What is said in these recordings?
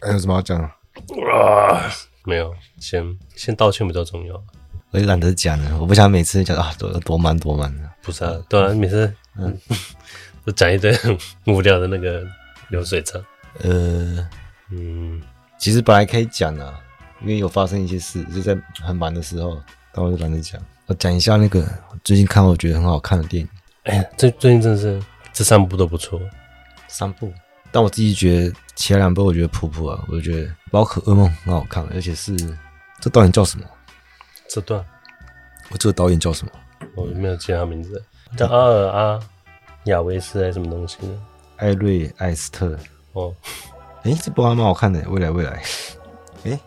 還有、哎、什麼好講的？啊，沒有，先先道歉比較重要。我也懶得講了，我不想每次講啊，多多忙多忙的。不是啊，嗯、對啊，每次嗯，都講一堆很無聊的那個流水賬。呃，嗯，其實本來可以講的、啊，因為有發生一些事，就在很忙的時候，但我就懶得講。我講一下那個最近看我覺得很好看的電影。哎呀，最最近真的是這三部都不錯。三部。但我自己覺得前兩部我覺得普普啊，我就覺得包括噩夢很好看，而且是這導演叫什麼？這段，我這個導演叫什麼？我、哦、沒有記他名字，嗯、叫阿爾阿亞維斯還是什麼東西？呢？艾瑞艾斯特。哦，誒、欸、這部還蠻好看的、欸，未來未來。哎、欸，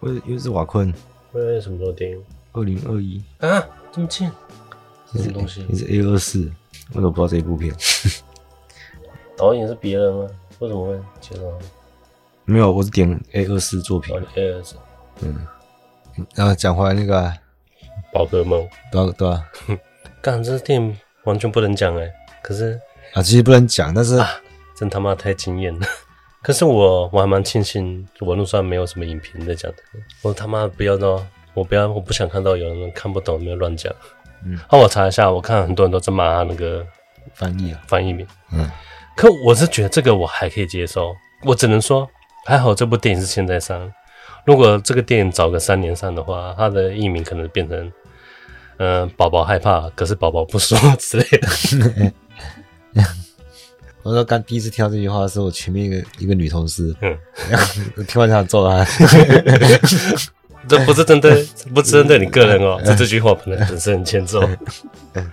為又是瓦昆。未來什麼時候電影？二零二一啊，這麼近？是什麼東西？你是 A 二四？我都不知道這一部片。 導演是別人嗎、啊？為什麼會沒有，我是點 A 二四作品。A 二四，嗯，然後講回來那個寶格夢，對對、啊、哼，幹， 這是電影完全不能講誒。可是啊，其實不能講，但是真、啊、他媽太驚艷了。 可是我我還蠻慶幸，網絡上沒有什麼影評在講的。我他媽不要我不要，我不想看到有人看不懂，沒有亂講。嗯，那、啊、我查一下，我看很多人都在罵那個翻譯、啊，翻譯名，嗯。可我是覺得這個我還可以接受，我只能說還好這部電影是現在上。如果這個電影早個三年上的話，它的譯名可能變成“嗯、呃，寶寶害怕，可是寶寶不說”之類的。 我說剛第一次聽到這句話的時候，我前面一個一個女同事，嗯。 聽完就想揍他。這不是針對， 不針對你個人哦、喔。 這這句話可能本身很欠揍。嗯，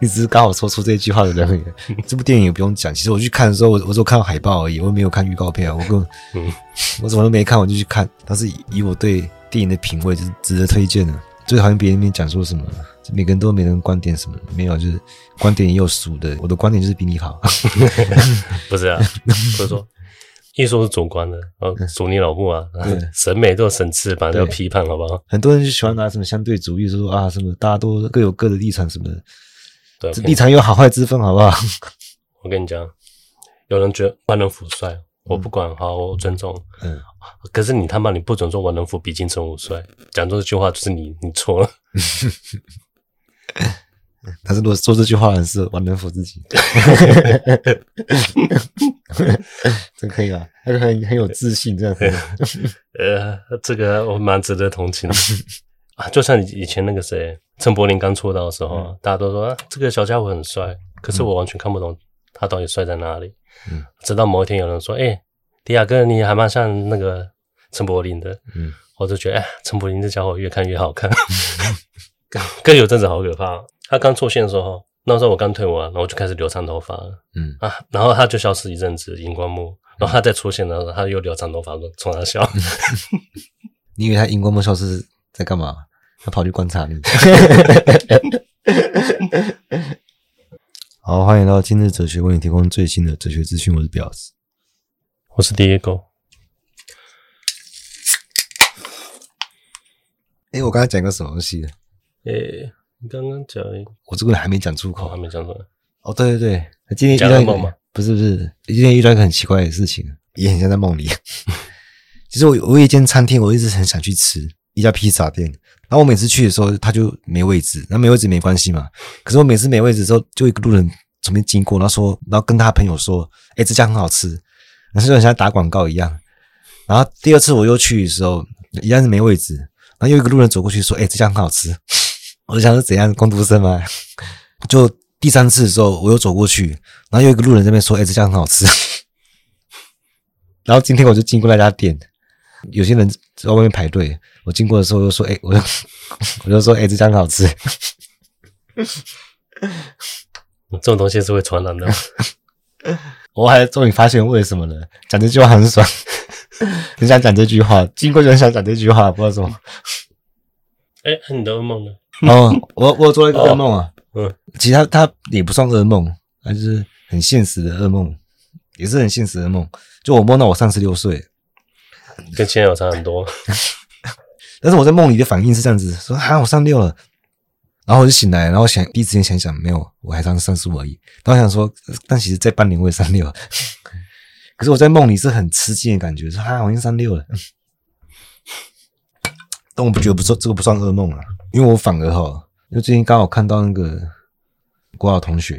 你只是剛好說出這句話的人， 這部電影也不用講。其實我去看的時候，我我只有看到海報而已，我沒有看預告片、啊。我根本， 我什麼都沒看，我就去看。但是以，以我對電影的品味，就是值得推薦的、啊。就好像別人那邊講說什麼，每個人都有每個人觀點什麼沒有，就是觀點也有熟的。我的觀點就是比你好， 不是啊？ 不是說。一說是主觀的，呃，主你老母啊！審美都有層次，反正要批判，好不好？很多人就喜歡拿什麼相對主義，就是、說啊什麼，大家都各有各的立場，什麼的，對立場有好壞之分，好不好？我跟你講，有人覺得萬能輔帥，嗯、我不管，好，我尊重。嗯，嗯可是你他媽你不准說萬能輔比金城武帥，講出這句話就是你，你錯了。嗯 他是如果說這句話很我， 還是完能服自己？真可以啊，他很很有自信，這樣。 呃，這個我蠻值得同情的 就像以前那個誰，陳柏霖剛出道的時候，嗯、大家都說、啊、這個小家伙很帥，可是我完全看不懂他到底帥在哪裡。嗯、直到某一天有人說：“哎、欸，迪亞哥，你還蠻像那個陳柏霖的。”嗯，我就覺得陳、欸、柏霖這家伙越看越好看。嗯 更跟有陣子好可怕，他剛出現的時候，那時候我剛退伍，啊，然後我就開始留長頭髮，嗯啊，然後他就消失一陣子，熒光幕，然後他再出現的時候，他又留長頭髮，從他消、嗯、笑。你以為他熒光幕消失在幹嘛？他跑去觀察你。 好，歡迎到今日哲學為你提供最新的哲學資訊，我是表子、欸，我是 Diego。哎，我剛才講個什麼東西？誒、欸，你剛剛講，我這個人還沒講出口，啊、還沒講出來，哦，對對對，今天遇到一個，嗎？不是不是，今天遇到一個很奇怪的事情，也很像在夢裡。 其實我，我有一間餐廳，我一直很想去吃一家披薩店，然後我每次去的時候，他就沒位置，那沒位置沒關係嘛。可是我每次沒位置之後，就一個路人從邊經過，然後說，然後跟他的朋友說，誒、欸、這家很好吃，然後就像打廣告一樣。然後第二次我又去的時候，一樣是沒位置，然後又一個路人走過去說，誒、欸、這家很好吃。我就想是怎樣的工讀生嗎、啊？就第三次的時候，我又走過去，然後有一個路人在那邊說：“哎、欸，這家很好吃。 ”然後今天我就經過那家店，有些人在外面排隊。我經過的時候又說：“哎、欸，我就我就說，哎、欸，這家很好吃。 ”這種東西是會傳染的嗎？ 我還終於發現為什麼呢？講這句話很爽， 很想講這句話，經過就很想講這句話，不知道怎什麼。哎、 欸，很多夢呢。 哦，我我做了一個噩夢啊、哦！嗯，其實它它也不算噩夢，它就是很現實的噩夢，也是很現實的夢。就我夢到我三十六歲，跟現在有差很多。 但是我在夢裡的反應是這樣子，說：“哈、啊，我三六了。”然後我就醒來，然後想第一時間想想，沒有，我還三三十五而已。然後想說，但其實在半年我也三六。可是我在夢裡是很吃驚的感覺，說：“哈、啊，我已經三六了。”但我不覺得不算這個不算噩夢啊。因為我反而哈，因為最近剛好看到那個國小同學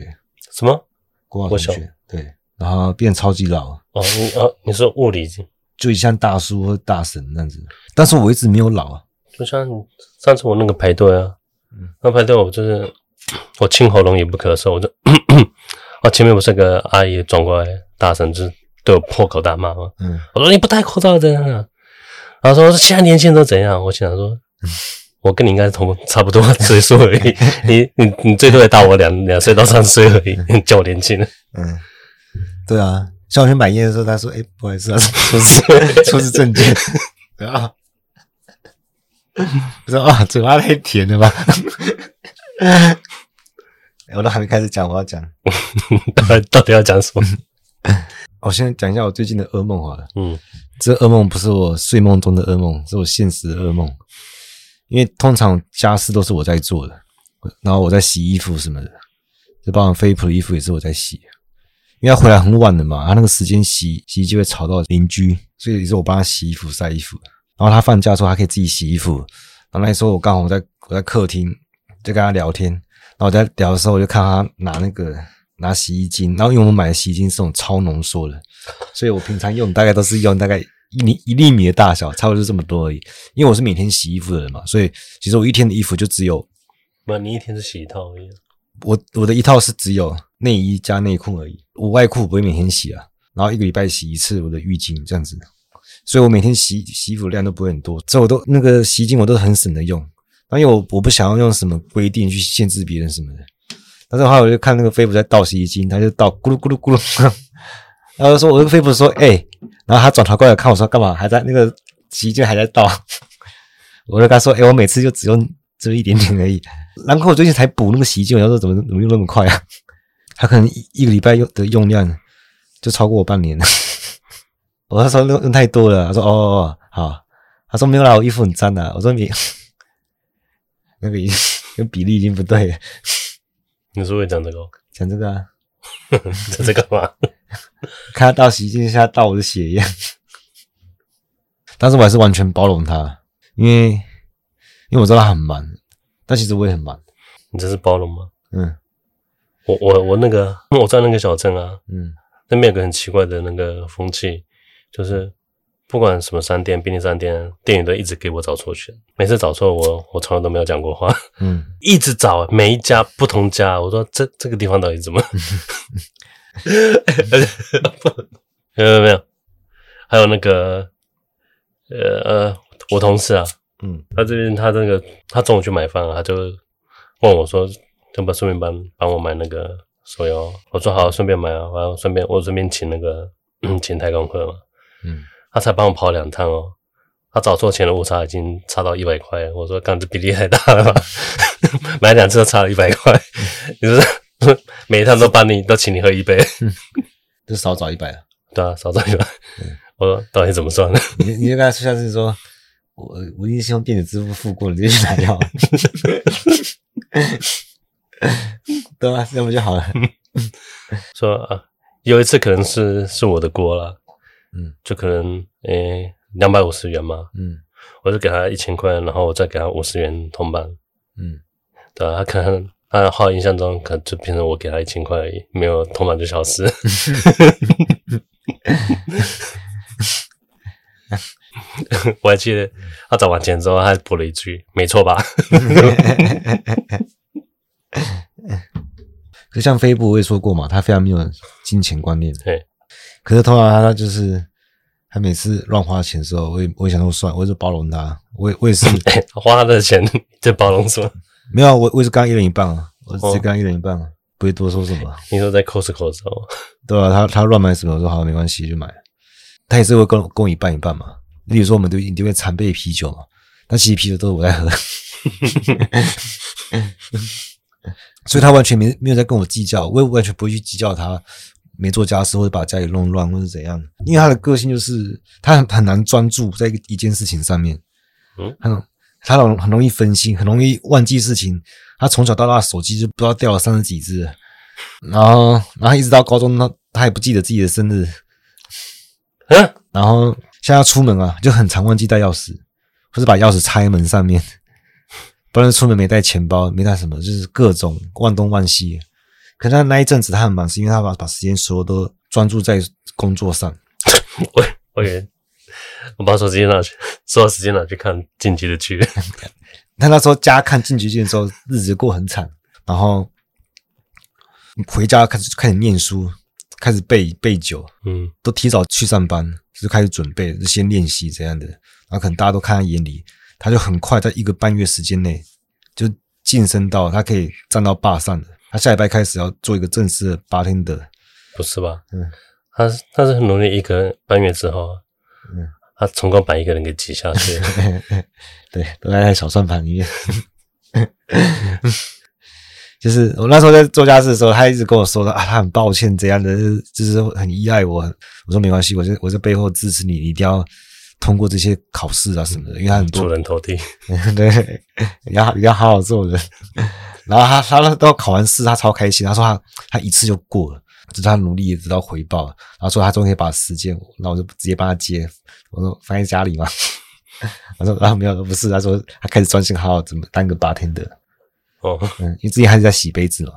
什麼國小同學，對，然後變超級老哦你哦，你是、啊、物理就像大叔或大嬸那樣子，但是我一直沒有老啊，就像上次我那個排隊啊，嗯、那排隊，我就是我清喉嚨也不咳嗽，我就咳咳啊，前面不是個阿姨轉過來，大嬸就對我破口大罵嘛，嗯，我說你不戴口罩真的、啊，然後說現在年輕人怎樣，我心想說。嗯我跟你應該是同差不多歲數而已你 你，你你你最多也大我兩兩歲到三歲而已，叫我年輕了。嗯，對啊，昨天滿意的時候，他說：“哎、欸，不好意思，他說出示 出示證件。”啊，不知道啊，嘴巴太甜了吧、 欸？我都還沒開始講，我要講，到底 到底要講什麼？我、 哦、先講一下我最近的噩夢好了。嗯，這噩夢不是我睡夢中的噩夢，是我現實的噩夢。因為通常家事都是我在做的，然後我在洗衣服什麼的，就包括飛普的衣服也是我在洗。因為他回來很晚了嘛，他那個時間洗，洗衣機會吵到鄰居，所以也是我幫他洗衣服、曬衣服。然後他放假的時候，他可以自己洗衣服。然後那時候我剛好我在我在客廳就跟他聊天，然後我在聊的時候，我就看他拿那個拿洗衣精，然後因為我們買的洗衣精是那種超濃縮的，所以我平常用大概都是用大概。一厘、一厘米的大小，差不多是這麼多而已。因為我是每天洗衣服的人嘛，所以其實我一天的衣服就只有……不，你一天只洗一套而已。我我的一套是只有內衣加內褲而已，我外褲不會每天洗啊，然後一個禮拜洗一次我的浴巾這樣子，所以我每天洗洗衣服量都不會很多。這我都那個洗衣精我都很省的用，然後因為我我不想要用什麼規定去限制別人什麼的。但是的話我就看那個飛虎在倒洗衣精，他就倒咕嚕咕嚕咕嚕，然後我說我那個飛虎說哎。欸然後他轉頭過來看我說：“幹嘛還在那個洗衣精，還在倒？”我就跟他說：“誒，我每次就只用只有一點點而已。然後我最近才補那個洗衣精，我說怎麼怎麼用那麼快啊？他可能一個禮拜用的用量就超過我半年了。我他說用用太多了。他說：“哦，哦哦好。”他說：“沒有啦，我衣服很髒的。”我說你：“你那個已，那比例已經不對了。”你是也講這個？講這個啊？ 講這個幹嘛？看他倒洗衣機，像他倒我的血一樣。但是，我還是完全包容他，因為因為我知道他很忙，但其實我也很忙。你這是包容嗎？嗯，我我我那個我在那個小鎮啊，嗯，那邊有個很奇怪的那個風氣，就是不管什麼商店、便利商店，店員都一直給我找錯錢。每次找錯，我我從來都沒有講過話，嗯，一直找每一家不同家。我說這這個地方到底怎麼？嗯 沒有沒有，還有那個呃呃，我同事啊，嗯，他這邊他那個他中午去買飯，啊，他就問我說，能不能順便幫幫我買那個手搖？我說好，順便買啊，然後順便我順便請那個、嗯、請泰康客嘛，嗯，他才幫我跑兩趟，哦，他找錯錢的誤差已經差到一百塊，我說剛才這比例太大了吧， 買兩次都差了一百塊， 你說。每一趟都幫你，是都請你喝一杯，嗯、就少找一百啊。 對啊，少找一百。嗯、我說，到底怎麼算的？你你就跟他說，下次說，我我一定是用電子支付付過了，你就去拿藥。 對啊，那不就好了？嗯、說啊，有一次可能是是我的鍋了。嗯，就可能誒，兩百五十元嘛。嗯，我就給他一千塊，然後我再給他五十元銅板。嗯，對啊，他可能。他好，啊、印象中可能就變成我給他一千塊而已，沒有頭滿就消失。 我還記得他找完錢之後，他補了一句：“沒錯吧？”可是像飛布我也說過嘛，他非常沒有金錢觀念。對、欸，可是通常他就是他每次亂花錢的時候，我也我也想說算了，我就包容他。我我也是、啊我也我也是欸、花他的錢，就包容說。沒有，我我也是剛，剛一人一半啊，我只是剛，剛一人一半啊，哦、不會多說什麼。你說在 Costco，、哦、對啊他他亂買什麼，我說好沒關係就買。他也是會跟，跟我共一半一半嘛。例如說我們對裡面常備啤酒嘛，但其實啤酒都是我在喝， 所以，他完全沒沒有在跟我計較，我也完全不會去計較他沒做家事或者把家裡弄亂，亂或者是怎樣，因為他的個性就是他很很難專注在一,一件事情上面，嗯，嗯。他很很容易分心，很容易忘記事情。他從小到大手機就不知道掉了三十幾隻，然後，然後一直到高中，他他也不記得自己的生日，嗯，然後現在要出門啊，就很常忘記帶鑰匙，或、就是把鑰匙插在門上面，不然出門沒帶錢包，沒帶什麼，就是各種忘東忘西。可是他那一陣子他很忙，是因為他把把時間所有都專注在工作上。我，我。我把手機拿去，說到時間拿去看晉級的劇。去去 他那時候家看晉級劇的時候，日子過很慘。然後回家開始開始念書，開始背背酒，嗯，都提早去上班，就開始準備，就先練習這樣的。然後可能大家都看在眼裡，嗯、他就很快在一個半月時間內就晉升到他可以站到壩上的。他下禮拜開始要做一個正式的 bartender，不是吧？嗯，他他是很努力，一個半月之後、啊，嗯。他成功把一個人給擠下去， 對，都在那小算盤裡面。 就是我那時候在做家事的時候，他一直跟我說的啊，他很抱歉這樣的，就是很依賴我。我說沒關係，我在我在背後支持你，你一定要通過這些考試啊什麼的，嗯，因為他很出人頭地， 對，你要你要好好做人。 然後他他都都考完試，他超開心，他說他他一次就過了。就是他努力，也知道回報。然後說他終於可以把時間，然後我就直接幫他接。我說放在家裡嘛。他 說啊沒有，不是。他說他開始專心好好怎麼當個八天的。哦，嗯，因為自己還是在洗杯子嘛。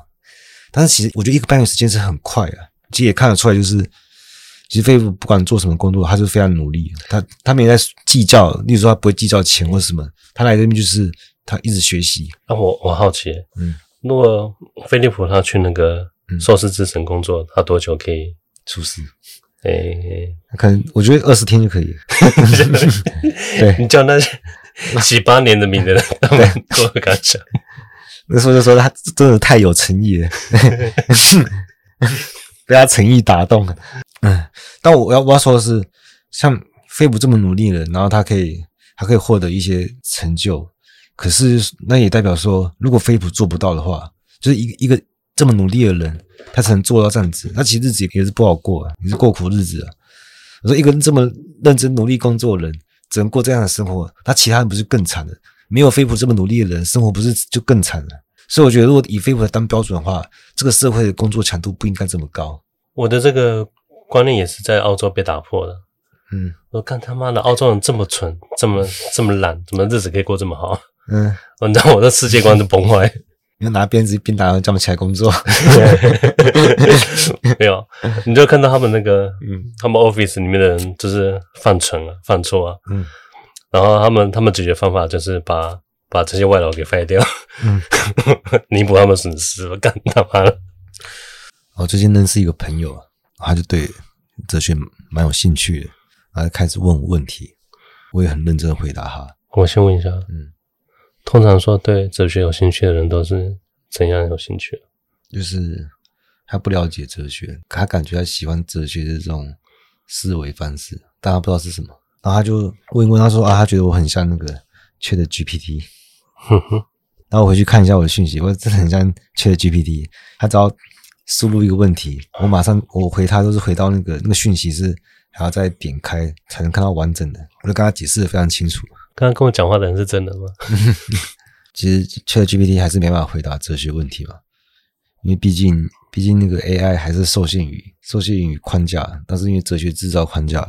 但是其實我覺得一個半月時間是很快啊，其實也看得出來，就是其實菲利普不管做什麼工作，他是非常努力。他他沒在計較，例如說他不會計較錢或什麼，他來這邊就是他一直學習。那、啊、我我好奇，嗯，如果菲利普他去那個。碩士製程工作，他多久可以出師？哎，可能我覺得二十天就可以。對你叫那幾、啊、八年的名人，當然都不敢想。所以說他真的太有誠意了， 被他誠意打動了。嗯，但我要我要說的是，像飛普這麼努力了，然後他可以他可以獲得一些成就，可是那也代表說，如果飛普做不到的話，就是一個一個。這麼努力的人，他才能做到這樣子。那其實日子也是不好過啊，也是過苦的日子啊。我說，一個這麼認真努力工作的人，只能過這樣的生活。那其他人不是更慘的？沒有飛普這麼努力的人，生活不是就更慘了？所以我覺得，如果以飛普來當標準的話，這個社會的工作強度不應該這麼高。我的這個觀念也是在澳洲被打破的。嗯，我看他媽的澳洲人這麼蠢，這麼這麼懶，怎麼日子可以過這麼好？嗯，我讓我的世界觀都崩壞。 要拿鞭子鞭打，叫他們起來工作。 沒有，你就看到他們那個，嗯，他們 office 裡面的人就是犯蠢犯啊，犯錯啊，嗯，然後他們他們解決方法就是把把這些外勞給廢掉，嗯，彌補 他們損失，幹幹嘛了？我最近認識一個朋友，他就對哲學蠻有興趣的，然後開始問我問題，我也很認真的回答哈。我先問一下，嗯。通常說，對哲學有興趣的人都是怎樣有興趣？就是他不了解哲學，可他感覺他喜歡哲學的這種思維方式，但他不知道是什麼。然後他就問一問，他說：“啊，他覺得我很像那個 ChatGPT。”哼哼。然後我回去看一下我的訊息，我說：“這很像 ChatGPT。”他只要輸入一個問題，我馬上我回他都是回到那個那個訊息是，還要再點開才能看到完整的。我就跟他解釋的非常清楚。剛剛跟我講話的人是真的嗎？ 其實 ChatGPT 還是沒辦法回答哲學問題嘛，因為畢竟畢竟那個 AI 還是受限於受限於框架，但是因為哲學製造框架，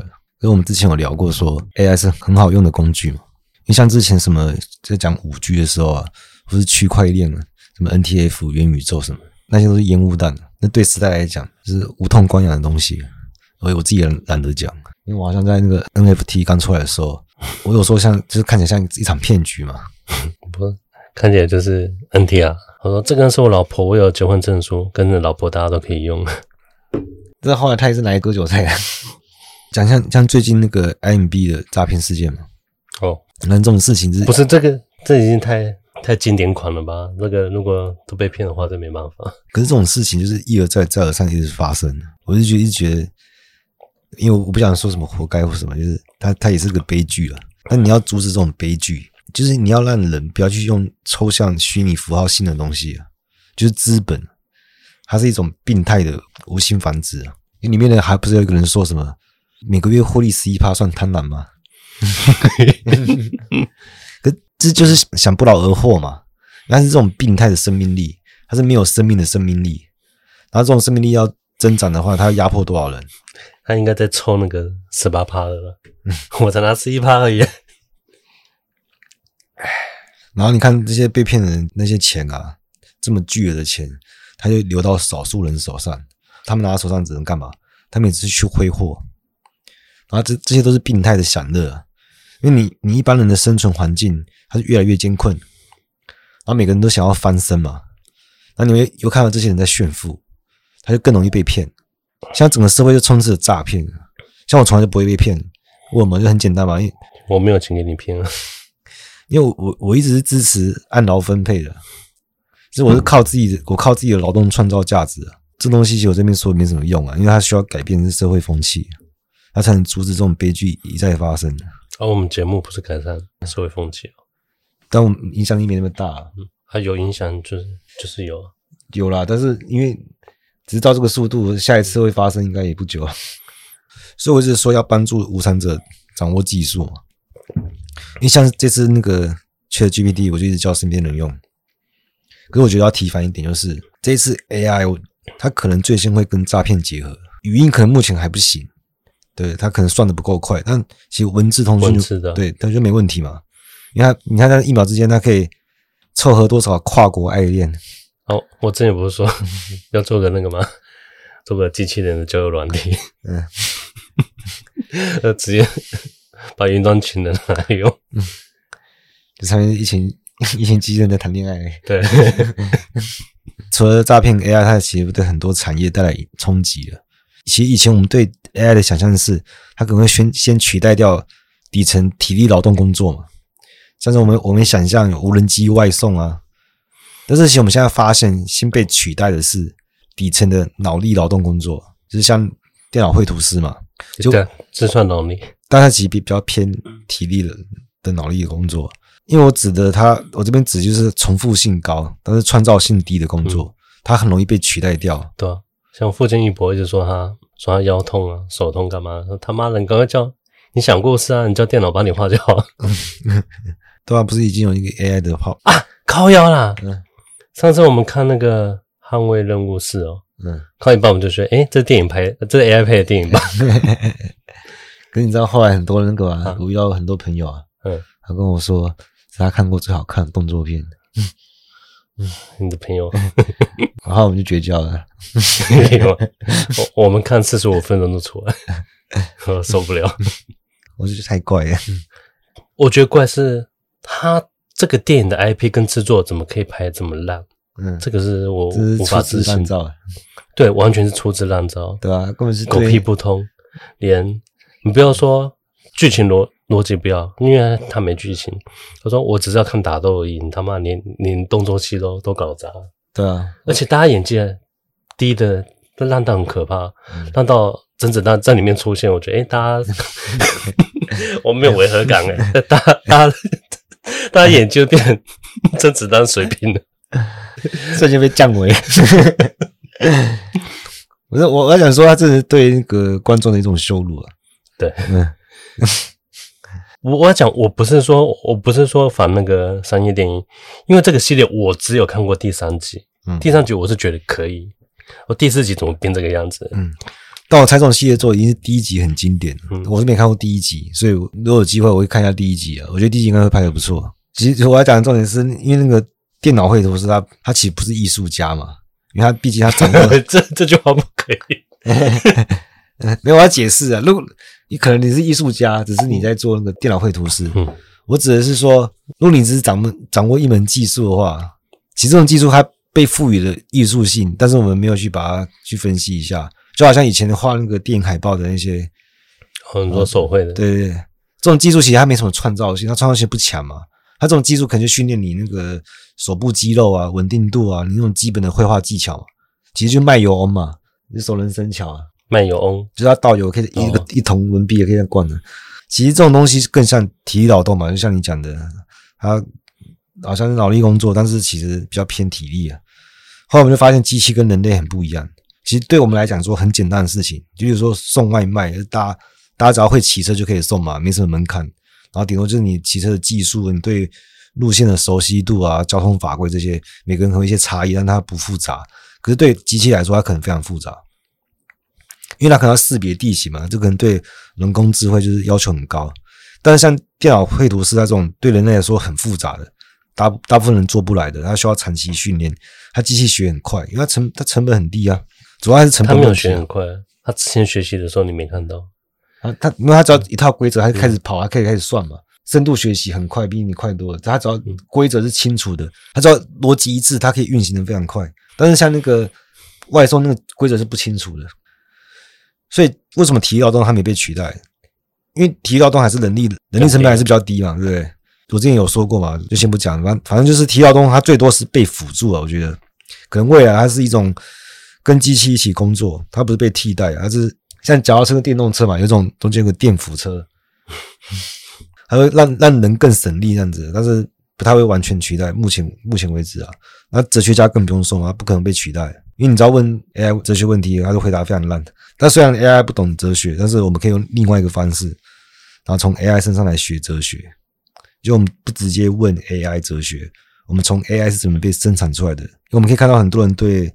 因為我們之前有聊過，說 AI 是很好用的工具嘛。你像之前什麼在講五 G 的時候啊，不是區塊鏈嘛，什麼 NTF 元宇宙、什麼，那些都是煙霧彈。那對時代來講是無痛關養的東西，所以我自己也懶得講。因為我好像在那個 NFT 剛出來的時候。我有時候像，就是看起來像一場騙局嘛？ 不，是，看起來就是 N T R。我說這個是我老婆，我有結婚證書，跟着老婆大家都可以用。這 後來他也是來割韭菜，講像像最近那個 M B 的詐騙事件嘛？哦，那這種事情、就是不是這個？這已經太太經典款了吧？那、這個如果都被騙的話，這沒辦法。 可是這種事情就是一而再，再而三，一直發生。我就覺得，一直覺得，因為我不想說什麼活該或什麼，就是。他他也是個悲劇了、啊。但你要阻止這種悲劇，就是你要讓人不要去用抽象虛擬符號性的東西、啊，就是資本，它是一種病態的無性繁殖、啊。裡面的還不是有一個人說什麼，每個月獲利十一趴算貪婪嗎？ 可這就是想不勞而獲嘛。但是這種病態的生命力，它是沒有生命的生命力。然後這種生命力要增長的話，它要壓迫多少人？他應該在抽那個十八趴的吧？了 我才拿十一趴而已。哎，然後你看這些被騙人，那些錢啊，這麼巨額的錢，他就流到少數人手上。他們拿手上只能幹嘛？他們也是去揮霍。然後這這些都是病態的享樂，因為你你一般人的生存環境，它是越來越艱困。然後每個人都想要翻身嘛。那你們又看到這些人在炫富，他就更容易被騙。像整個社會就充斥着詐騙，像我從來就不會被騙。問嘛就很簡單嘛，因為我沒有錢給你騙啊。因為我我一直是支持按勞分配的，其實我是靠自己，嗯、我靠自己的勞動創造價值。這東西我這邊說沒什麼用啊，因為它需要改變這社會風氣，它才能阻止這種悲劇一再發生。而、哦、我們節目不是改善社會風氣、哦、但我們影響力沒那麼大、啊嗯。它有影響就是就是有有啦，但是因為。只是照這個速度，下一次會發生應該也不久。 所以我一直說，要幫助無產者掌握技術嘛。因為像這次那個 ChatGPT，我就一直教身邊人用。可是我覺得要提防一點，就是這一次 AI，它可能最先會跟詐騙結合。語音可能目前還不行，對，它可能算得不夠快。但其實文字通訊，對，它就沒問題嘛。你看，你看它一秒之間，它可以湊合多少跨國愛戀？好、哦，我之前不是說要做個那個嗎？做個機器人的交友軟件，嗯， 直接把雲端群的拿來用。就、嗯、上面一群一群機器人在談戀愛、欸。對， 除了詐騙 AI，它其實對很多產業帶來衝擊了。其實以前我們對 AI 的想象是，它可能會先先取代掉底層體力勞動工作嘛，像是我們我們想象有無人機外送啊。但是其實我們現在發現，先被取代的是底層的腦力勞動工作，就是像電腦繪圖師嘛，就只算腦力？但它其實比比較偏體力的的腦力的工作，因為我指的它，我這邊指就是重複性高但是創造性低的工作，它、嗯、很容易被取代掉。對啊，像父親一博一直說他，說他腰痛啊，手痛幹嘛？說他媽的，你剛剛叫你想故事啊，你叫電腦幫你畫就好了， 對吧、啊？不是已經有一個 AI 的泡啊，靠腰啦。嗯上次我們看那個《捍衛任務四、喔》哦，嗯，看一半我們就說，哎、欸，這電影拍，這是 AI 拍的電影吧？可 你知道後來很多人跟我啊，我遇、嗯、到很多朋友啊，嗯，他跟我說是他看過最好看的動作片。嗯，嗯、你的朋友、嗯，然後我們就絕交了沒有。沒我我們看四十五分鐘就出來， 受不了。我就覺得太怪了。我覺得怪是他。這個電影的 IP 跟製作怎麼可以拍這麼爛？嗯，這個是我無法置信。是對，完全是粗製濫造、嗯，對啊，根本是狗屁不通，連你不要說劇情邏邏輯不要，因為他沒劇情。他說我只是要看打鬥而已，他媽連連，連動作戲都都搞砸，對啊。而且大家演技的 okay. 低的都爛到很可怕，爛到甄子丹在裡面出現，我覺得誒大家 我沒有違和感誒、欸、大大家。大家 大家眼睛就變成甄子丹水平了， 瞬間被降維。不是我，我想講說，他這是對那個觀眾的一種羞辱啊！對，我、嗯、我要講，我不是說我不是說反那個商業電影，因為這個系列我只有看過第三集，第三集我是覺得可以，我第四集怎麼變這個樣子？嗯。嗯。那我猜這種系列做已經是第一集很經典了。我是沒看過第一集，所以如果有機會我會看一下第一集啊。我覺得第一集應該會拍得不錯。其實我要講的重點是，因為那個電腦繪圖師他他其實不是藝術家嘛？因為他畢竟他掌握這這句話不可以，沒有我要解釋啊。如果你可能你是藝術家，只是你在做那個電腦繪圖師。我指的是說，如果你只是掌握掌握一門技術的話，其實這種技術它被賦予了藝術性，但是我們沒有去把它去分析一下。就好像以前畫那個電影海報的那些，很多手繪的，對對對，這種技術其實它沒什麼創造性，它創造性不強嘛。它這種技術可能就訓練你那個手部肌肉啊、穩定度啊，你那種基本的繪畫技巧，其實就賣油翁嘛，就熟能生巧啊。賣油翁就是他倒油可以一個一銅文幣也可以灌的，其實這種東西更像體力勞動嘛，就像你講的，它好像是腦力工作，但是其實比較偏體力啊。後來我們就發現，機器跟人類很不一樣。其實對我們來講，說很簡單的事情，就比如說送外賣，大家大家只要會騎車就可以送嘛，沒什麼門檻。然後頂多就是你騎車的技術，你對路線的熟悉度啊，交通法規這些，每個人有一些差異，但它不複雜。可是對機器來說，它可能非常複雜，因為它可能要識別地形嘛，這可能對人工智慧就是要求很高。但是像電腦繪圖師那種，對人類來說很複雜的，大大部分人做不來的，它需要長期訓練，它機器學很快，因為它成它成本很低啊。主要是成本，他沒有學很快。他之前學習的時候你沒看到，他因為他只要一套規則，他就開始跑，他可以開始算嘛。深度學習很快，比你快多了。他只要規則是清楚的，他只要邏輯一致，他可以運行的非常快。但是像那個外送那個規則是不清楚的，所以為什麼體力勞動他沒被取代？因為體力勞動還是人力，人力成本還是比較低嘛，對不對？我之前有說過嘛，就先不講了。反正就是體力勞動他最多是被輔助了。我覺得可能未來它是一種。跟機器一起工作，它不是被替代，而是像假如是個電動車嘛，有一種中間有個電扶車，它會讓讓人更省力這樣子，但是不太會完全取代。目前目前為止啊，那哲學家更不用說嘛，他不可能被取代，因為你知道問 AI 哲學問題，他就回答非常爛。但雖然 AI 不懂哲學，但是我們可以用另外一個方式，然後從 AI 身上來學哲學，就我們不直接問 AI 哲學，我們從 AI 是怎麼被生產出來的，因為我們可以看到很多人對。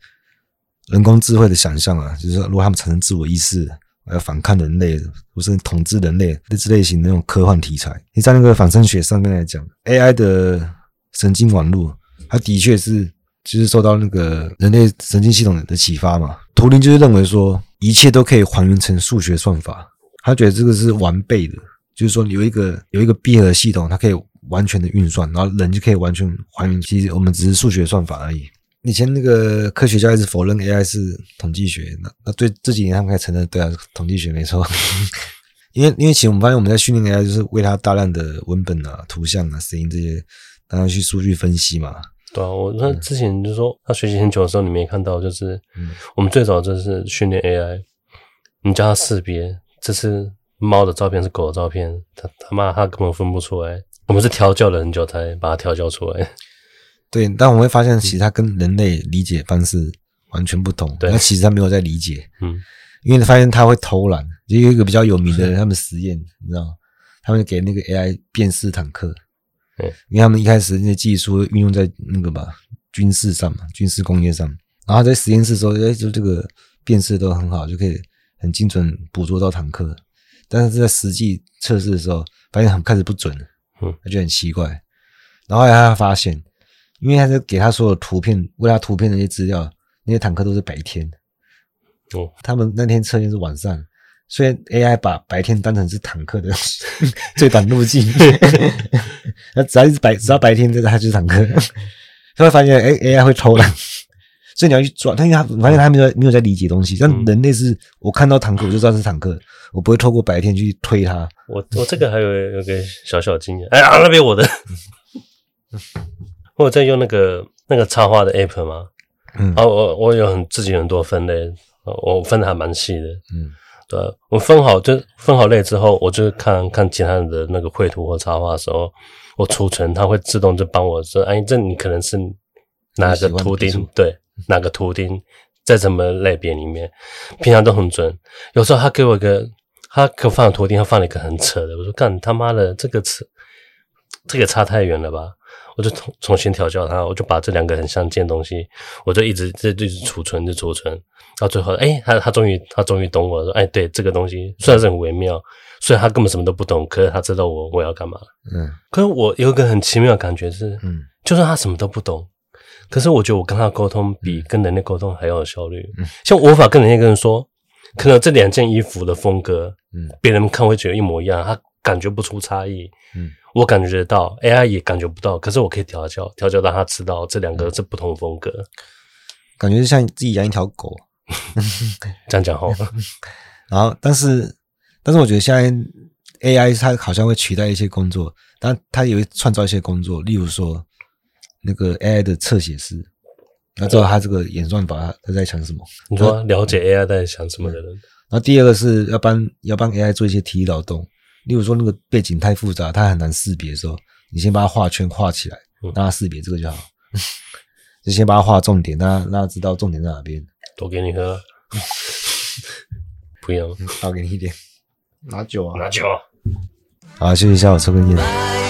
人工智慧的想象啊，就是說，如果他們產生自我意識，要反抗人類，或是統治人類，類似類型那種科幻題材。你在那個仿生學上面來講，AI 的神經網絡，它的確是就是受到那個人類神經系統的啟發嘛。圖靈就是認為說，一切都可以還原成數學算法，他覺得這個是完備的，就是說有一個有一個閉合的系統，它可以完全的運算，然後人就可以完全還原。其實我們只是數學算法而已。以前那個科學家一直否認 AI 是統計學，那那對這幾年他們開始承認，對啊，統計學沒錯。 因為因為其實我們發現我們在訓練 AI 就是餵它大量的文本啊、圖像啊、聲音這些，讓它去數據分析嘛。對啊，我那之前就說它學習很久的時候，你沒看到就是，嗯、我們最早就是訓練 AI，你叫它識別這是貓的照片是狗的照片，它他媽它根本分不出來。我們是調教了很久才把它調教出來。對，但我會發現，其實它跟人類理解方式完全不同。對，但其實它沒有在理解。嗯，因為你發現它會偷懶。就有一個比較有名的人，他們實驗，你知道嗎？他們給那個 AI 辨識坦克。對、嗯、因為他們一開始那些技術運用在那個吧軍事上嘛，軍事工業上。然後在實驗室的時候，哎，就這個辨識都很好，就可以很精準捕捉到坦克。但是在實際測試的時候，發現很開始不準。嗯，他就很奇怪。然後後來他發現。因為他是給他所有圖片，為他圖片那些資料，那些坦克都是白天哦，oh. 他們那天測驗是晚上，雖然 AI 把白天當成是坦克的最短路徑，那 只要是白，只要白天，這個他就是坦克。 他會發現，哎，AI 會偷懶， 所以你要去抓，但他應該發現他沒有沒有在理解東西，但人類是，我看到坦克我就知道是坦克，我不會透過白天去推它。我我這個還有有個小小經驗，哎呀，那邊我的。 我在用那個那個插畫的 app 嘛，嗯，啊，我我有很自己有很多分類，啊、我分的還蠻細的，嗯，對、啊，我分好就分好類之後，我就看看其他人的那個繪圖或插畫的時候，我儲存，它會自動就幫我說，哎，這你可能是哪個圖釘？對，哪個圖釘在什麼類別裡面？平常都很準，有時候他給我一個他給我放的圖釘，他放了一個很扯的，我說幹他媽的這個扯，這個差太遠了吧。我就重重新調教他，我就把這兩個很相近的東西，我就一直在一直儲存，就儲存到最後，哎、欸，他他終於他終於懂我說，哎，對這個東西雖然是很微妙，嗯、雖然他根本什麼都不懂，可是他知道我我要幹嘛。嗯，可是我有一個很奇妙的感覺是，嗯，就算他什麼都不懂，可是我覺得我跟他的溝通比跟人家溝通還要有效率。嗯，像我無法跟人家跟人說，可能這兩件衣服的風格，嗯，別人看會覺得一模一樣，他。感覺不出差異，嗯，我感覺得到，AI 也感覺不到，可是我可以調教，調教讓他知道這兩個是不同風格，感覺像自己養一條狗， 這樣講好。 然後，但是，但是我覺得現在 AI 它好像會取代一些工作，但它也會創造一些工作，例如說那個 AI 的側寫師，要知道他這個演算法他他在想什麼，嗯就是、你說了解 AI 在想什麼人？然後第二個是要幫要幫 AI 做一些體力勞動。例如說那個背景太複雜，它很難識別的時候，你先把它畫圈畫起來，嗯、讓它識別這個就好。就 先把它畫重點，讓它，讓它知道重點在哪邊。都給你喝， 不用，多給你一點。 拿酒啊，拿酒啊。啊好，休息一下我，我抽根菸。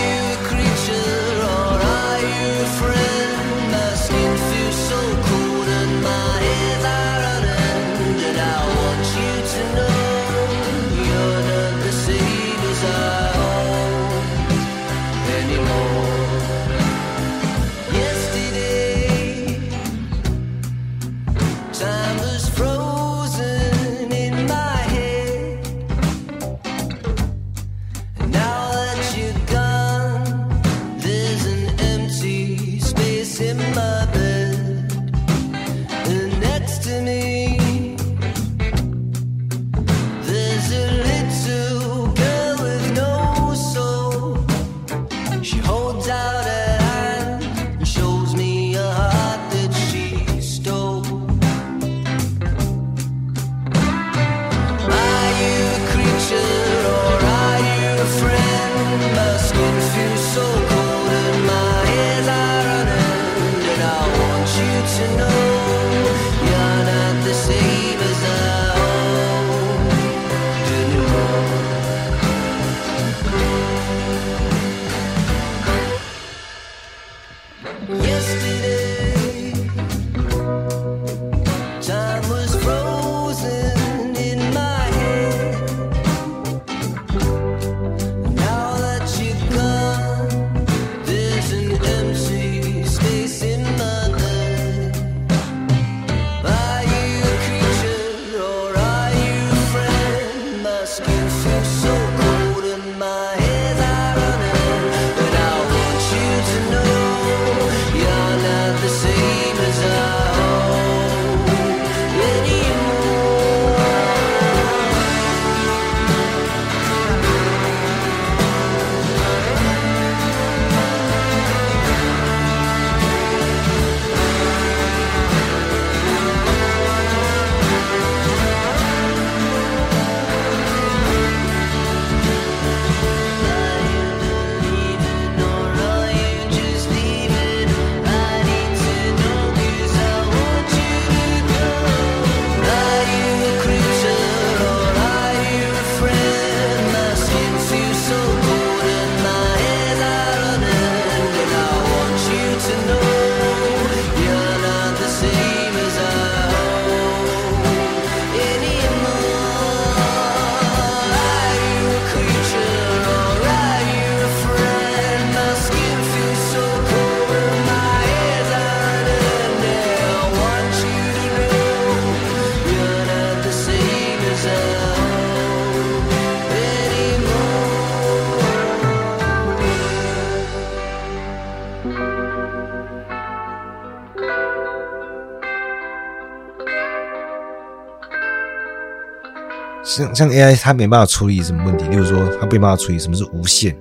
像像 AI 它沒辦法處理什麼問題？例如說它沒辦法處理什麼是無限，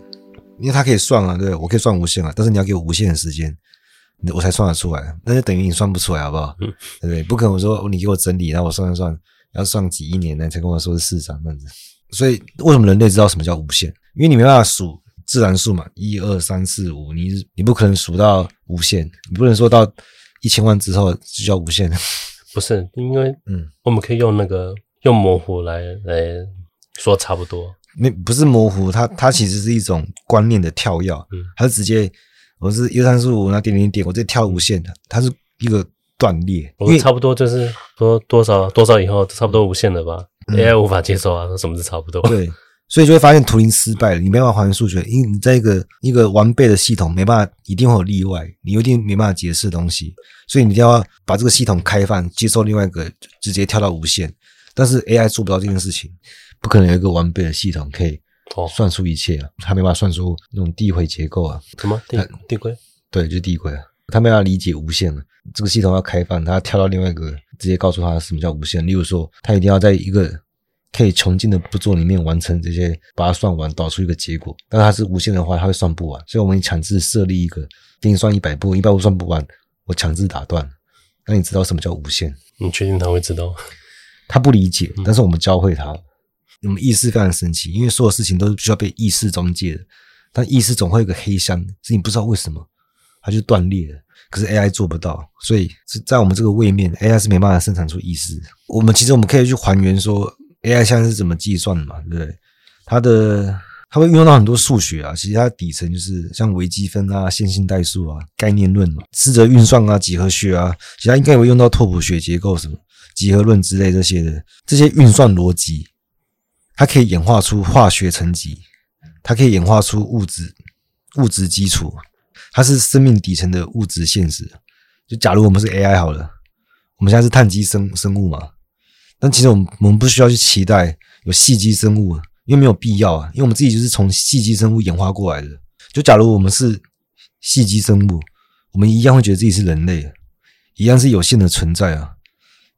因為它可以算啊，對，我可以算無限啊，但是你要給我無限的時間，我才算得出來，那就等於你算不出來，好不好？嗯、對不對？不可能說你給我整理，然後我算算算，要算幾億年才跟我說是四十章這樣子。所以為什麼人類知道什麼叫無限？因為你沒辦法數自然數嘛，一二三四五，你你不可能數到無限，你不能說到一千萬之後就叫無限。不是，因為嗯，我們可以用那個。用模糊來來說，差不多沒不是模糊，它它其實是一種觀念的跳躍，嗯，它是直接我是一二三四五，那點點點，我直接跳無限的，它是一個斷裂。因為差不多就是說多少多少以後，差不多無限的吧，AI 無法接受啊，嗯、什麼是差不多？對，所以就會發現圖靈失敗了，你沒辦法還原數學，因為你在一個一個完備的系統，沒辦法一定會有例外，你一定沒辦法解釋的東西，所以你一定要把這個系統開放，接受另外一個直接跳到無限。但是 AI 做不到這件事情，不可能有一個完備的系統可以算出一切啊！他、哦、沒辦法算出那種遞回結構啊。什麼遞遞歸？對，就遞、是、遞歸啊！他沒辦法理解無限，這個系統要開放，他跳到另外一個，直接告訴他什麼叫無限。例如說，他一定要在一個可以窮盡的步驟裡面完成這些，把它算完，導出一個結果。但他是無限的話，他會算不完，所以我們強制設立一個，給你算一百步，一百步算不完，我強制打斷。那你知道什麼叫無限？你確定他會知道？他不理解，但是我們教會他，我們意識非常的神奇，因為所有事情都是需要被意識中介的，但意識總會有個黑箱，是你不知道為什麼它就斷裂了。可是 AI 做不到，所以是在我們這個位面，AI 是沒辦法生產出意識。我們其實我們可以去還原說 AI 現在是怎麼計算的嘛？對不對？它的它會運用到很多數學啊，其實它底層就是像微積分啊、線性代數啊、概念論嘛，四則運算啊、幾何學啊，其他應該也會用到拓撲學結構什麼。集合論之類這些的這些運算邏輯，它可以演化出化學層級，它可以演化出物質物質基礎，它是生命底層的物質現實。就假如我們是 AI 好了，我們現在是碳基生生物嘛，但其實我們我們不需要去期待有矽基生物，因為沒有必要啊，因為我們自己就是從矽基生物演化過來的。就假如我們是矽基生物，我們一樣會覺得自己是人類，一樣是有限的存在啊。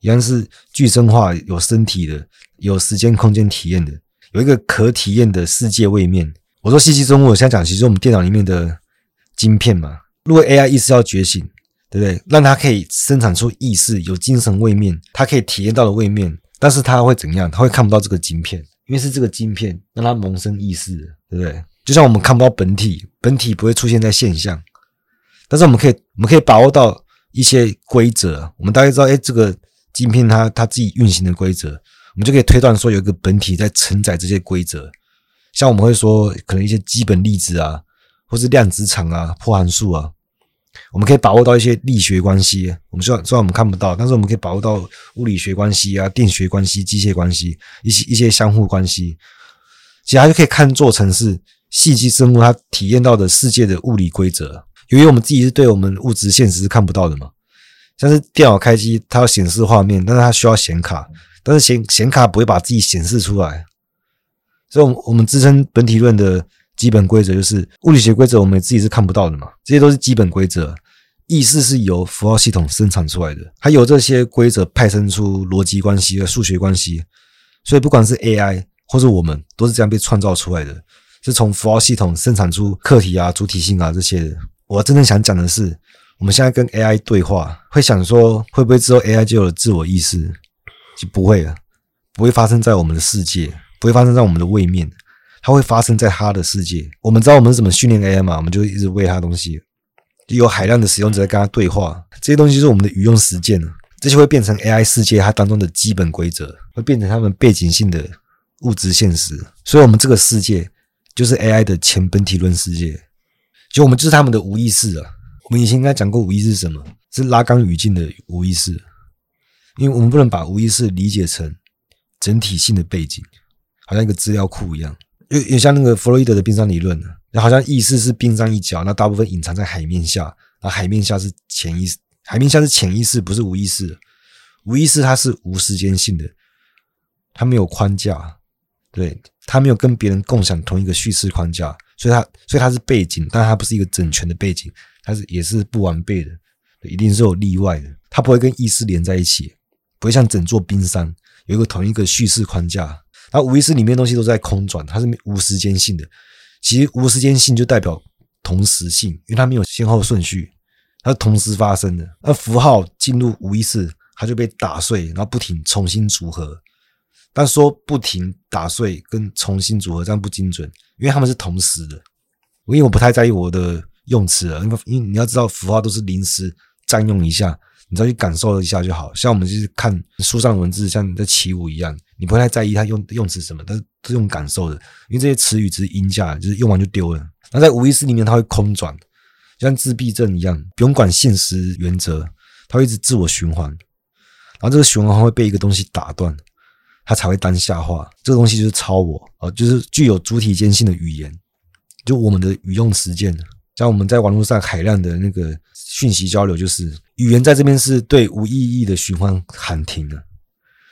一樣是具身化、有身體的、有時間空間體驗的，有一個可體驗的世界位面。我說信息中，我先講，其實我們電腦裡面的晶片嘛。如果 AI 意識要覺醒，對不對？讓它可以生產出意識，有精神位面，它可以體驗到的位面。但是它會怎樣？它會看不到這個晶片，因為是這個晶片讓它萌生意識，對不對？就像我們看不到本體，本體不會出現在現象，但是我們可以，我們可以把握到一些規則。我們大概知道，哎、欸，這個。晶片，它它自己運行的規則，我們就可以推斷說有一個本體在承載這些規則。像我們會說，可能一些基本粒子啊，或是量子場啊、波函數啊，我們可以把握到一些力學關係。我們雖然雖然我們看不到，但是我們可以把握到物理學關係啊、電學關係、機械關係一些一些相互關係。其實它就可以看作成是矽基生物它體驗到的世界的物理規則。由於我們自己是對我們物質現實是看不到的嘛。像是電腦開機，它要顯示畫面，但是它需要顯卡，但是顯顯卡不會把自己顯示出來。所以我們，我我們支撐本體論的基本規則就是物理學規則，我們自己是看不到的嘛。這些都是基本規則，意識是由符號系統生產出來的，它由這些規則派生出邏輯關係和數學關係。所以，不管是 AI 或者我們，都是這樣被創造出來的，是從符號系統生產出課題啊、主體性啊這些的，我真正想講的是。我們現在跟 AI 對話，會想說會不會之後 AI 就有了自我意識？就不會了，不會發生在我們的世界，不會發生在我們的位面，它會發生在它的世界。我們知道我們是怎麼訓練 AI 嘛？我們就一直餵它東西，就有海量的使用者在跟它對話，這些東西是我們的語用實踐，這些會變成 AI 世界它當中的基本規則，會變成他們背景性的物質現實。所以，我們這個世界就是 AI 的前本體論世界，就我們就是他們的無意識啊。我們以前應該講過，無意識是什麼？是拉康語境的無意識，因為我們不能把無意識理解成整體性的背景，好像一個資料庫一樣，又又像那個弗洛伊德的冰山理論，那好像意識是冰山一角，那大部分隱藏在海面下，那海面下是潛意識，海面下是潛意識，不是無意識。無意識它是無時間性的，它沒有框架，對，它沒有跟別人共享同一個敘事框架，所以它所以它是背景，但它不是一個整全的背景。它是也是不完備的，一定是有例外的。它不會跟意識連在一起，不會像整座冰山有一個同一個敘事框架。它無意識裡面的東西都在空轉，它是無時間性的。其實無時間性就代表同時性，因為它沒有先後順序，它是同時發生的。那符號進入無意識，它就被打碎，然後不停重新組合。但說不停打碎跟重新組合這樣不精準，因為他們是同時的。因為我不太在意我的。用詞了，因為你要知道，符號都是臨時占用一下，你再去感受一下就好。像我們就是看書上文字，像你在起舞一樣，你不會太在意它用用詞什麼，但是用感受的。因為這些詞語只是音價，就是用完就丟了。那在無意識裡面，它會空轉，就像自閉症一樣，不用管現實原則，它會一直自我循環。然後這個循環會被一個東西打斷，它才會當下化。這個東西就是超我啊，就是具有主體間性的語言，就我們的語用實踐。像我們在網絡上海量的那個訊息交流，就是語言在這邊是對無意義的循環喊停了，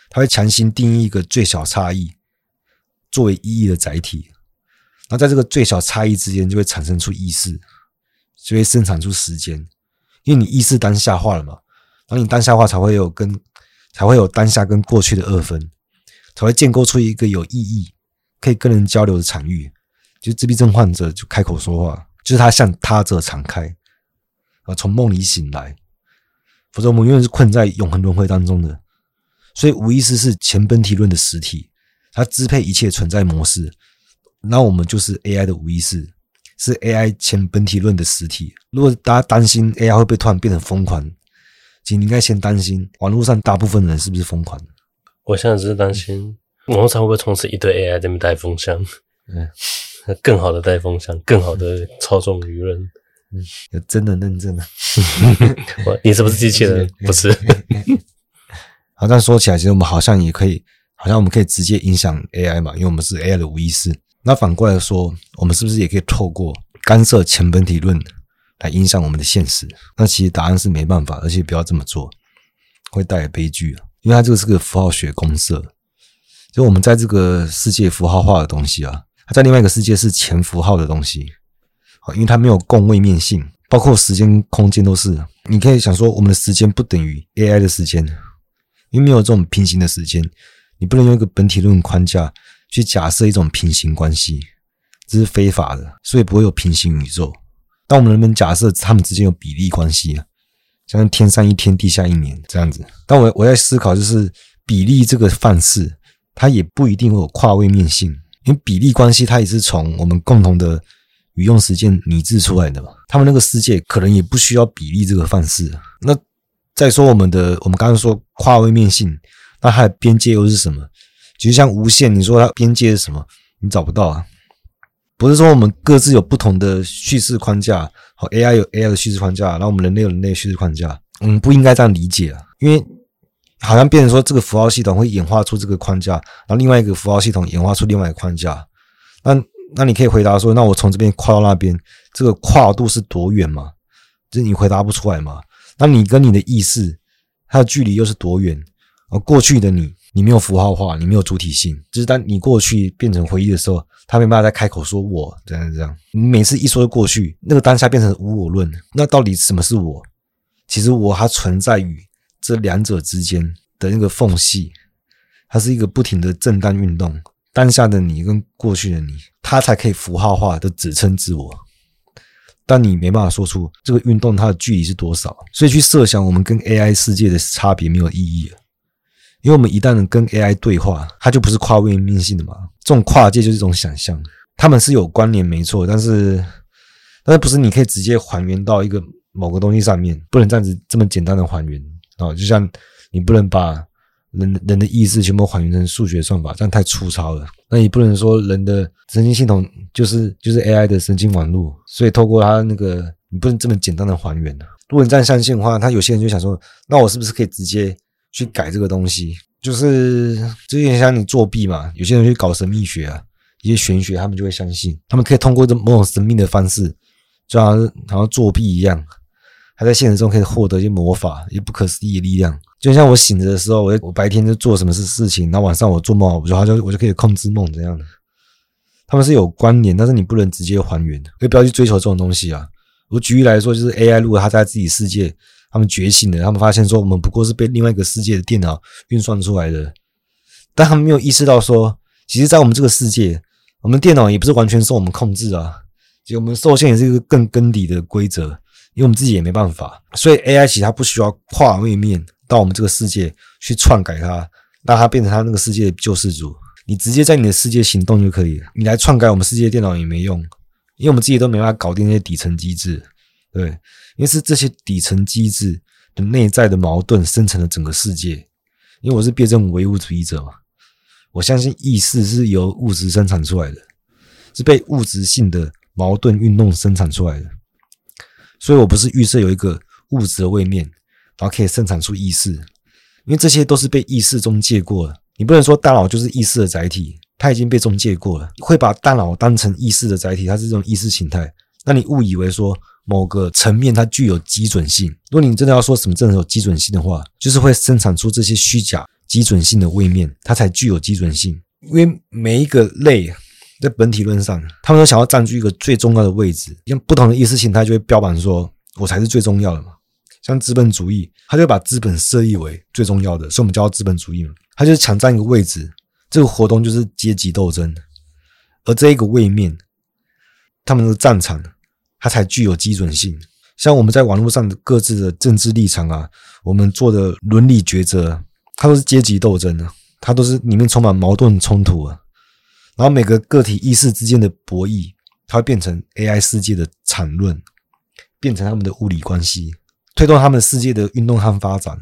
它會強行定義一個最小差異作為意義的載體，那在這個最小差異之間就會產生出意識，就會生產出時間，因為你意識當下化了嘛，然後你當下化才會有跟，才會有當下跟過去的二分，才會建構出一個有意義可以跟人交流的場域，就自閉症患者就開口說話。就是他向他者敞開，啊，從夢裡醒來，否則我們永遠是困在永恆輪回當中的。所以，無意識是前本體論的實體，它支配一切存在模式。那我們就是 AI 的無意識，是 AI 前本體論的實體。如果大家擔心 AI 會被突然變成瘋狂，請你應該先擔心網絡上大部分人是不是瘋狂。我現在只是擔心，網絡上會不會充斥一堆 AI 這麼帶風向？嗯。 更好的帶風向，更好的操縱輿論，嗯，真的認真了啊。我， 你是不是機器人？ 不是。好，但說起來，其實我們好像也可以，好像我們可以直接影響 AI 嘛，因為我們是 AI 的無意識。那反過來說，我們是不是也可以透過干涉前本體論來影響我們的現實？那其實答案是沒辦法，而且不要這麼做，會帶來悲劇啊。因為它這個是個符號學公社，就我們在這個世界符號化的東西啊。它在另外一個世界是潛符號的東西，因為它沒有共位面性，包括時間、空間都是。你可以想說，我們的時間不等於 AI 的時間，因為沒有這種平行的時間，你不能用一個本體論框架去假設一種平行關係，這是非法的，所以不會有平行宇宙。但我們能不能假設他們之間有比例關係啊？像天上一天，地下一年這樣子。但我我在思考，就是比例這個範式，它也不一定會有跨位面性。因為比例關係，它也是從我們共同的語用實踐擬制出來的嘛。他們那個世界可能也不需要比例這個範式。那再說我們的，我們剛剛說跨位面性，那它的邊界又是什麼？其實像無限，你說它邊界是什麼？你找不到啊。不是說我們各自有不同的敘事框架，好 AI 有 AI 的敘事框架，然後我們人類有人類敘事框架，我們不應該這樣理解啊，因為。好像變成說，這個符號系統會演化出這個框架，然後另外一個符號系統演化出另外一個框架。那那你可以回答說，那我從這邊跨到那邊，這個跨度是多遠嘛？就是你回答不出來嘛？那你跟你的意識，它的距離又是多遠？而過去的你，你沒有符號化，你沒有主體性，就是當你過去變成回憶的時候，他沒辦法再開口說我這樣這樣。你每次一說就過去，那個當下變成無我論。那到底什麼是我？其實我還存在於。這兩者之間的那個縫隙，它是一個不停的震盪運動。當下的你跟過去的你，它才可以符號化的指稱自我。但你沒辦法說出這個運動它的距離是多少，所以去設想我們跟 AI 世界的差別沒有意義了。因為我們一旦跟 AI 對話，它就不是跨位面性的嘛。這種跨界就是一種想象，他們是有關聯沒錯，但是但是不是你可以直接還原到一個某個東西上面，不能這樣子這麼簡單的還原。啊，就像你不能把人人的意識全部還原成數學算法，這樣太粗糙了。那你不能說人的神經系統就是就是 AI 的神經網絡，所以透過它那個，你不能這麼簡單的還原的。如果你這樣相信的話，他有些人就想說，那我是不是可以直接去改這個東西？就是之前像你作弊嘛，有些人去搞神秘學啊，一些玄學，他們就會相信，他們可以通過這某種神秘的方式，就好像好像作弊一樣。他在現實中可以獲得一些魔法，一些不可思議的力量，就像我醒着的時候，我我白天就做什麼事事情，然後晚上我做夢，我就就我就可以控制夢這樣的。他們是有關聯，但是你不能直接還原，可以不要去追求這種東西啊。我舉例來說，就是 AI，如果他在自己世界，他們覺醒了，他們發現說我們不過是被另外一個世界的電腦運算出來的，但他們沒有意識到說，其實在我們這個世界，我們電腦也不是完全受我們控制啊，就我們受限也是一個更根底的規則。因為我們自己也沒辦法，所以 A I 其它，不需要跨位面到我們這個世界去篡改它，讓它變成它那個世界的救世主。你直接在你的世界行動就可以了，你來篡改我們世界的電腦也沒用，因為我們自己都沒辦法搞定那些底層機制。對，因為是這些底層機制的內在的矛盾生成了整個世界。因為我是辯證唯物主義者嘛，我相信意識是由物質生產出來的，是被物質性的矛盾運動生產出來的。所以，我不是預設有一個物質的位面，然後可以生產出意識，因為這些都是被意識中介過了。你不能說大腦就是意識的載體，它已經被中介過了，會把大腦當成意識的載體，它是這種意識形態。那你誤以為說某個層面它具有基準性，如果你真的要說什麼真的有基準性的話，就是會生產出這些虛假基準性的位面，它才具有基準性，因為每一個類。在本體論上，他們都想要占據一個最重要的位置，因為不同的意識形態就會標榜說，我才是最重要的嘛。像資本主義，他就把資本設立為最重要的，所以我們叫資本主義嘛。它就是搶占一個位置，這個活動就是階級鬥爭，而這一個位面，他們的戰場，它才具有基準性。像我們在網絡上的各自的政治立場啊，我們做的倫理抉擇，它都是階級鬥爭的，它都是裡面充滿矛盾衝突啊。然後每個個體意識之間的博弈，它會變成 AI 世界的產論，變成他們的物理關係，推動他們世界的運動和發展。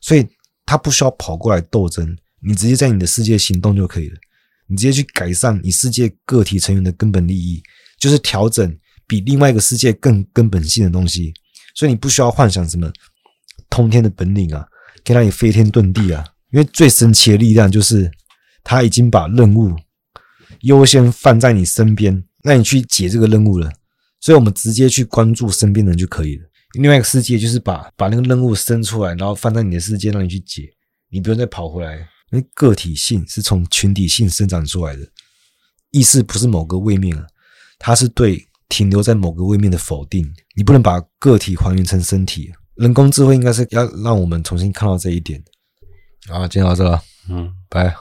所以它不需要跑過來鬥爭，你直接在你的世界行動就可以了。你直接去改善你世界個體成員的根本利益，就是調整比另外一個世界更根本性的東西。所以你不需要幻想什麼通天的本領啊，可以讓你飛天遁地啊。因為最神奇的力量就是，他已經把任務。優先放在你身邊，讓你去解這個任務了。所以我們直接去關注身邊人就可以了。另外一個世界就是把把那個任務生出來，然後放在你的世界讓你去解，你不用再跑回來。因為個體性是從群體性生長出來的，意識不是某個位面啊，它是對停留在某個位面的否定。你不能把個體還原成身體。人工智慧應該是要讓我們重新看到這一點。好，今天到這了，嗯，拜。